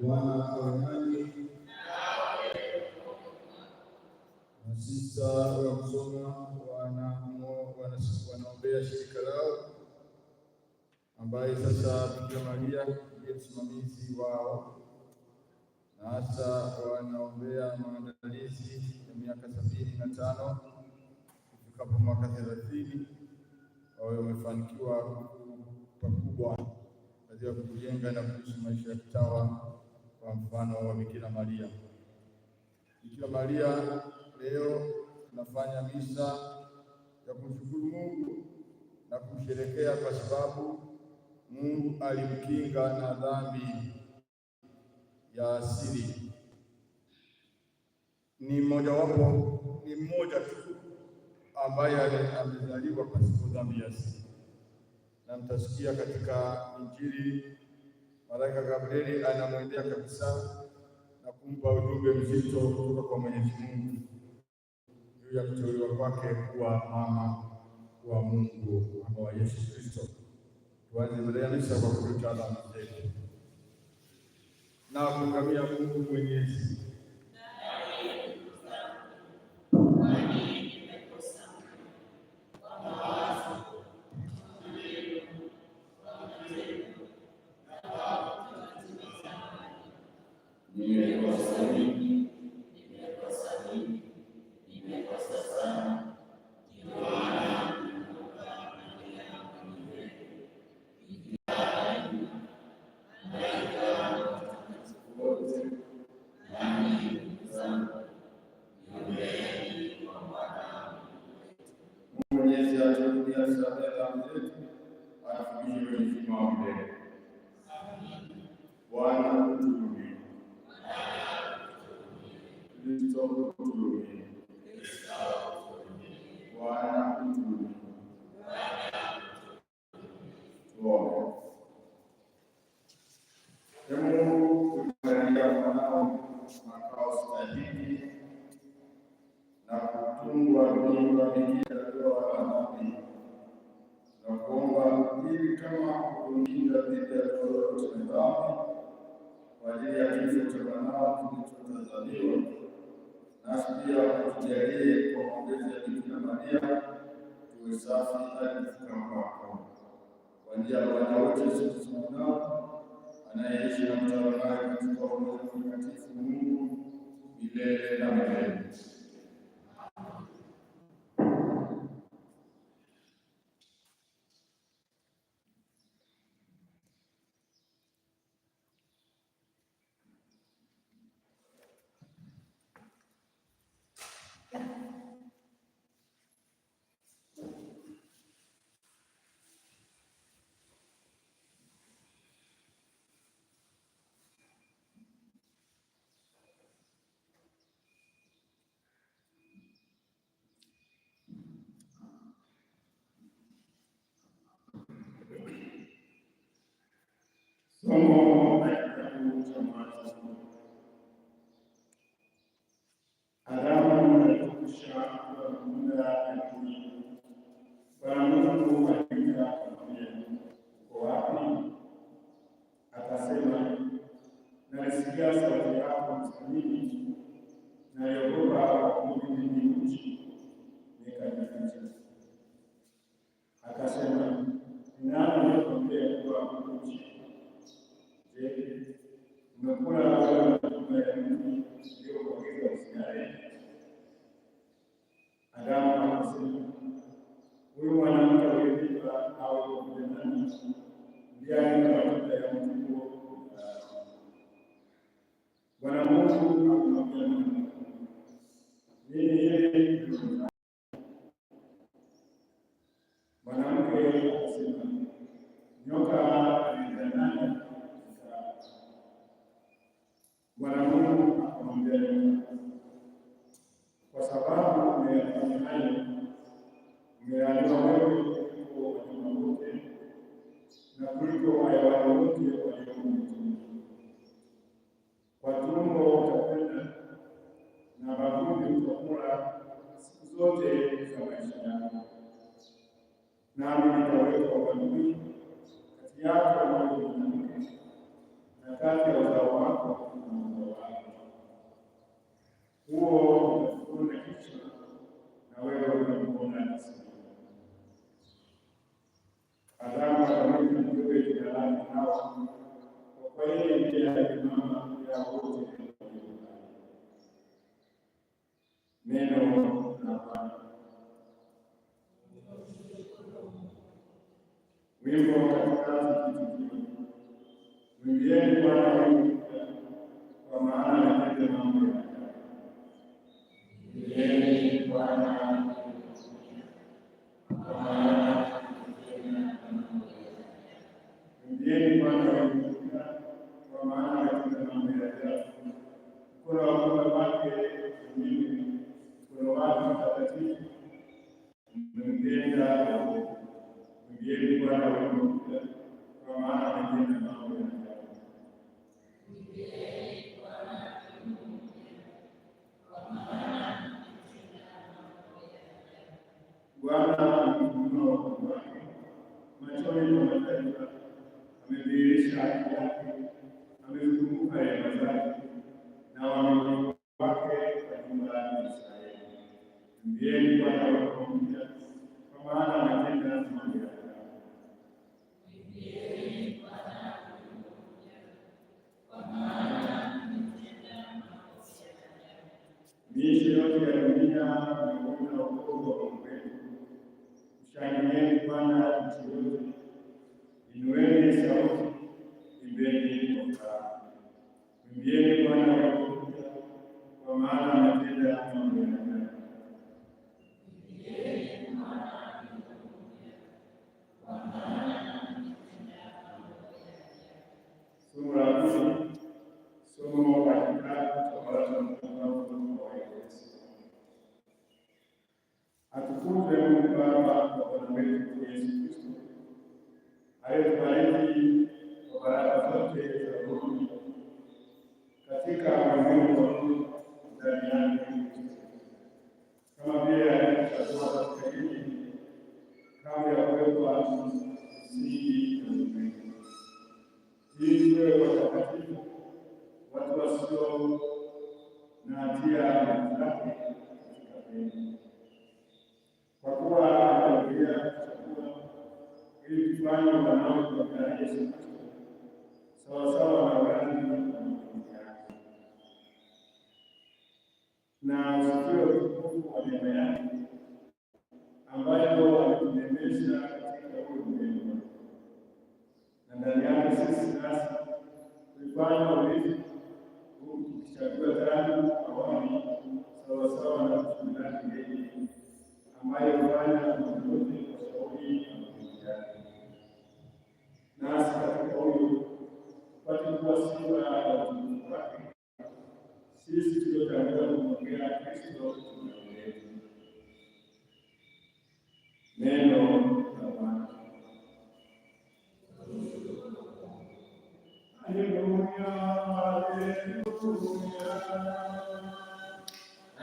Bwana awe nanyi. Masista wa Musoma wanaombea shirika lao ambaye sasa Bikira Maria ndiye msimamizi wao, na hasa wanaombea maandalizi ya miaka sabini na tano ifikapo mwaka thelathini wawe wamefanikiwa pakubwa katika kujenga na kuishi maisha ya kitawa kwa mfano wa Bikira Maria. Bikira Maria, leo tunafanya misa ya kumshukuru Mungu na kumsherekea kwa sababu Mungu alimkinga na dhambi ya asili. Ni mmojawapo, ni mmoja tu ambaye amezaliwa pasipo dhambi ya asili, na mtasikia katika Injili malaika Gabrieli anamwendea kabisa na kumpa ujumbe mzito kutoka kwa Mwenyezi Mungu juu ya kuteuliwa kwake kuwa mama wa Mungu ama wa Yesu Kristo. Tuanze kwa kulitazama mbele na kumgamia Mungu Mwenyezi msimamo kuulinda dhidi ya lolote ni dhambi kwa ajili ya kifo utokanao kilichotazaliwa, nasi pia kutujalie kwa maombezi ya Bikira Maria tuwe safi hadi kufika kwako, kwa njia ya Bwana wote Yesu Kristo anayeishi na kutawala katika umoja mtakatifu Mungu milele na milele. one. Bwana Mungu akubariki. Yeye yeye kwa ile ya kimama Alleluia. Alleluia.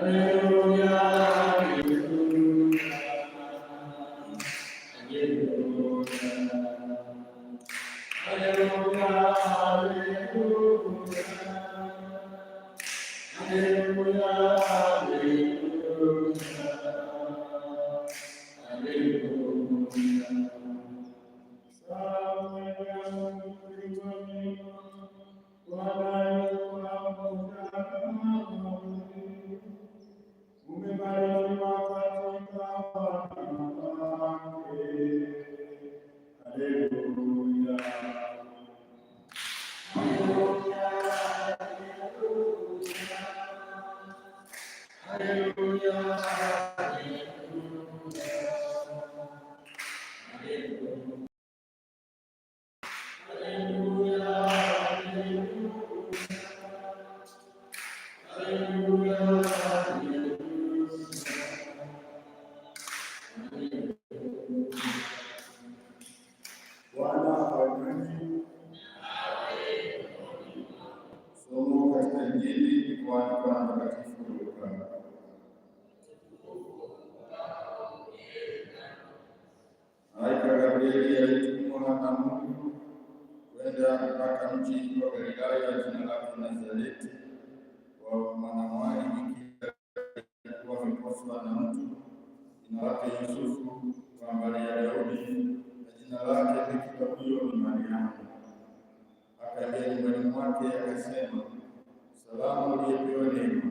Amen. wako uliyepewa neema,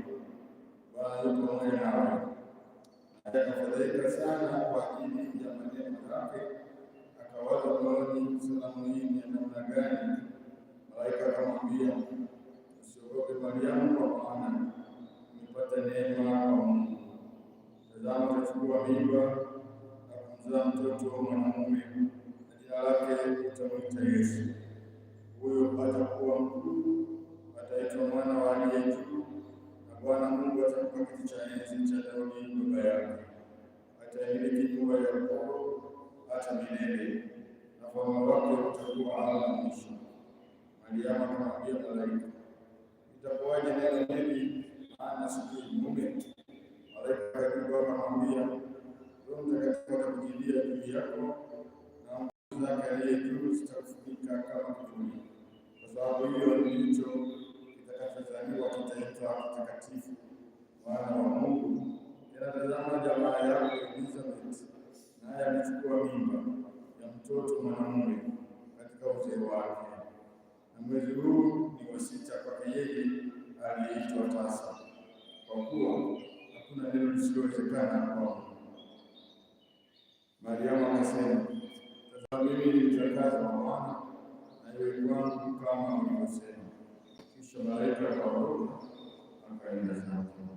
Bwana yuko pamoja nawe. Atakafadhaika sana kwa ajili ya maneno yake, akawaza moyoni, salamu hii ni namna gani? Malaika akamwambia, usiogope Mariamu, kwa maana umepata neema kwa Mungu. Tazama, utachukua mimba na kumzaa mtoto mwanamume, na jina lake utamwita Yesu. Huyo atakuwa mkuu yetu mwana wa aliye juu, na Bwana Mungu atampa kiti cha enzi cha Daudi baba yake, ataimiliki nyumba ya Yakobo hata milele, na ufalme wake utakuwa hauna mwisho. Mariamu akamwambia malaika, itakuwaje neno hili hana sikio mume? Malaika akamwambia, Roho Mtakatifu atakujilia mwana wa Mungu, yanatazama jamaa yako Elizabeth, naye alichukua mimba ya mtoto mwanamume katika uzee wake, na mwezi huu ni wa sita kwake yeye aliyeitwa tasa, kwa kuwa hakuna neno lisilowezekana kwa Mungu. Mariamu akasema, tazama, mimi ni mjakazi wa Bwana, na iwe kwangu kama ulivyosema. Kisha malaika akaondoka akaenda zake.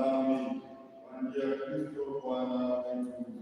nami kwa njia ya Kristo Bwana wetu.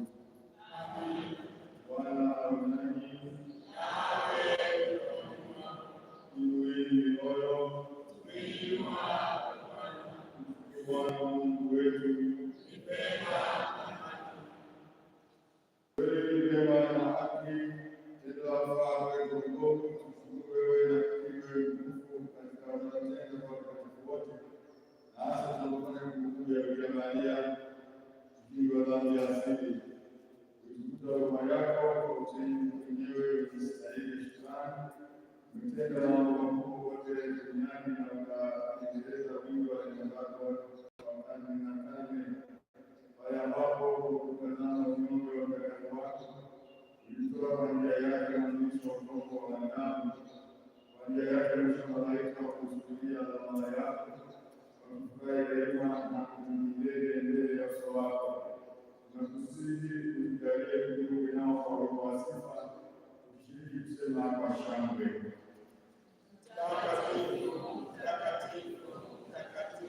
Tendo na wakuu wote duniani na ukaendeleza wingi wa tangazo wa karne na karne, pale ambapo kutazama viumbe watakatifu wako ulitoa kwa njia yake mwisho wa utoto wa wanadamu, kwa njia yake mwisho malaika wa kusujudia dhamana yako wakufukai daima na kumilele mbele ya uso wako. Tunakusihi utujalie kujibu inaofaa kwa sifa ushiriki kusema kwa shangwe takatifu takatifu takatifu.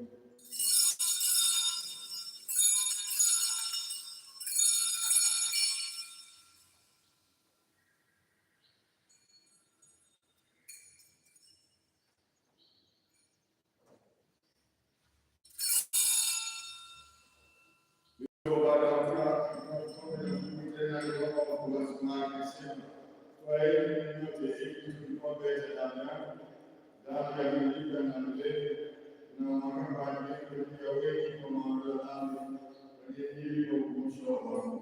ombele sana dhambi amelipa na mzee na mwamba aliyetukia wengi kwa mawazo zangu waliyejili kwa kumsoma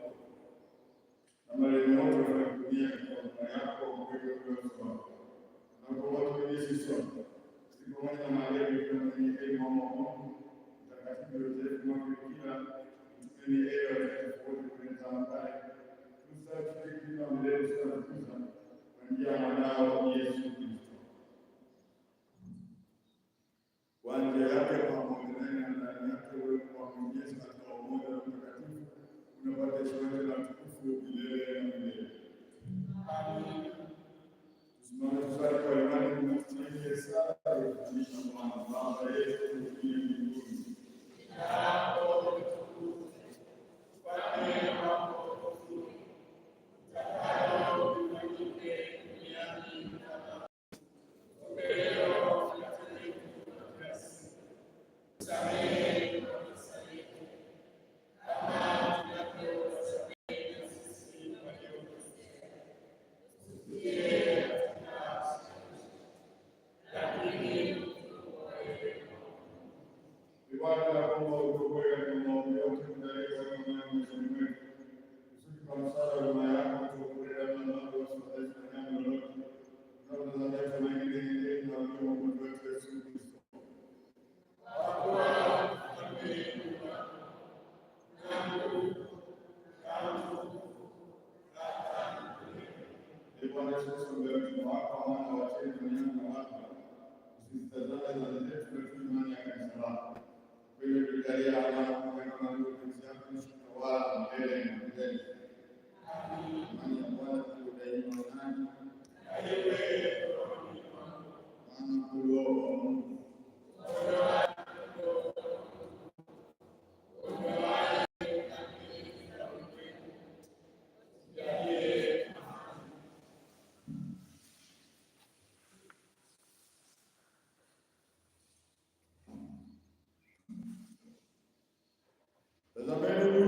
kama limeomba nakutumia katika huduma yako kweliosoma nakuwatuilisisoma Nous kwa de de notre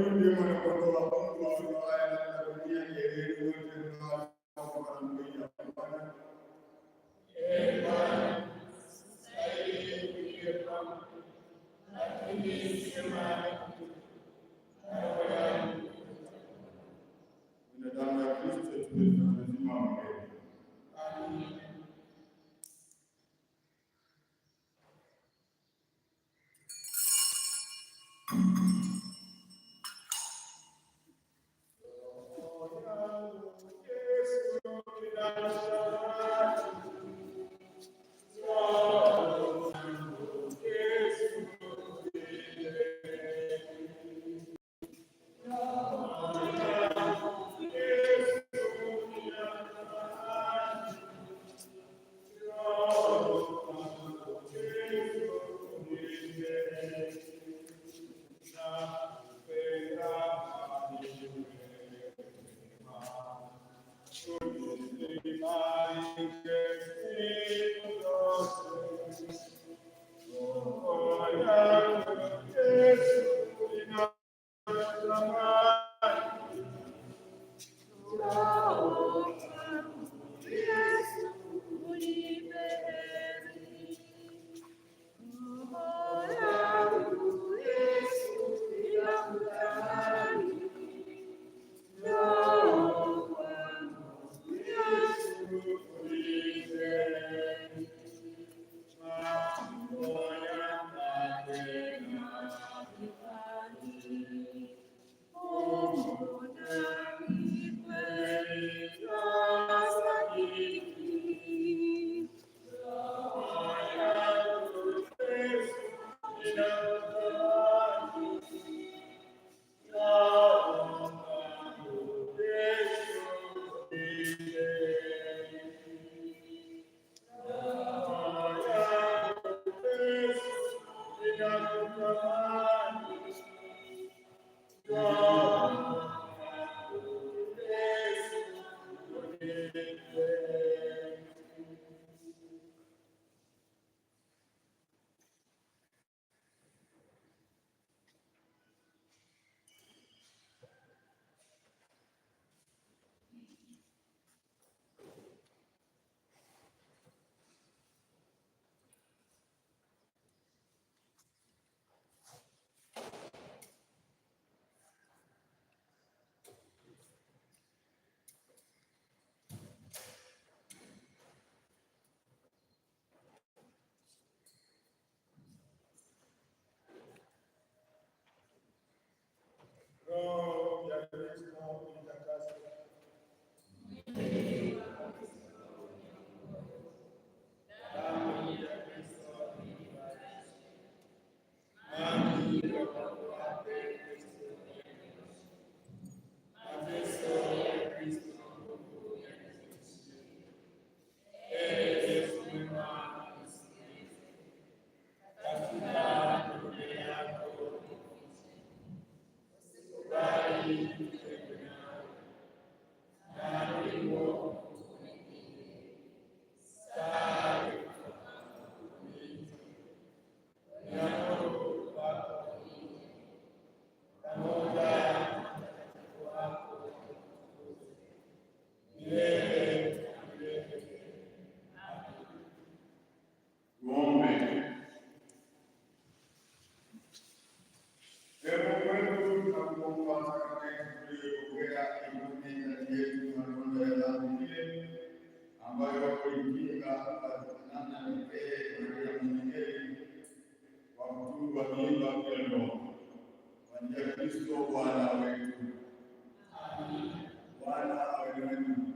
பிரியமான பிரபுவாக உங்களால் நாயகன் வெளியே ஏறி ஓய்வு wala awe